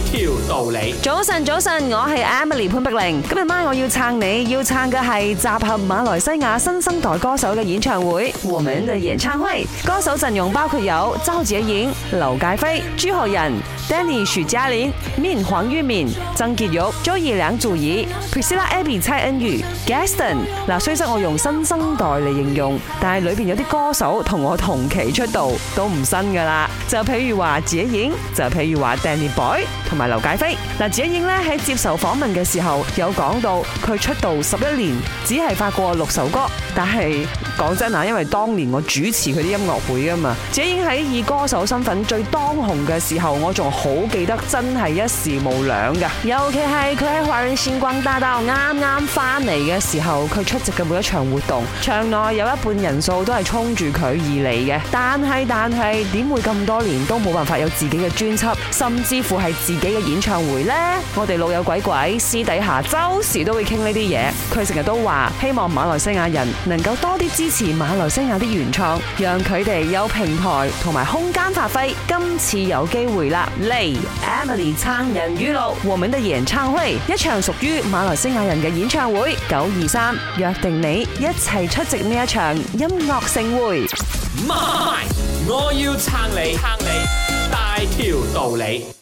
條道理。早晨，早晨，我係 Emily 潘碧玲。今日晚我要撐你，要撐嘅係集合馬來西亞新生代歌手嘅演唱會。我們嘅演唱會歌手陣容包括有周杰演、劉介輝、朱浩仁、Danny 徐嘉玲、面黃玉面、曾潔玉、Joey 儀嶺、朱 Priscilla Abby 蔡恩雨、Gaston。嗱，雖然我用新生代嚟形容，但係裏邊有啲歌手同我同期出道都唔新噶啦。就譬如話杰演，就譬如話 Danny Boy。同埋劉介飛嗱，謝穎咧喺接受訪問嘅時候有講到，佢出道十一年只係發過六首歌但，但係講真啊，因為當年我主持佢啲音樂會啊嘛，謝穎喺以歌手身份最當紅嘅時候，我仲好記得真係一時無兩噶，尤其係佢喺華人星光大道啱啱翻嚟嘅時候，佢出席嘅每一場活動，場內有一半人數都係衝住佢而嚟嘅，但係但係點會咁多年都冇辦法有自己嘅專輯，甚至乎係自己幾個演唱會呢，我哋老友鬼鬼私底下周時都會傾呢啲嘢。佢成日都話希望馬來西亞人能夠多啲支持馬來西亞啲原創，讓佢哋有平台同埋空間發揮。今次有機會啦，嚟 Emily 撐人雨露和們的，的演唱會，一場屬於馬來西亞人嘅演唱會。九二三約定你一齊出席呢一場音樂盛會。我要撐你，撐你大條道理。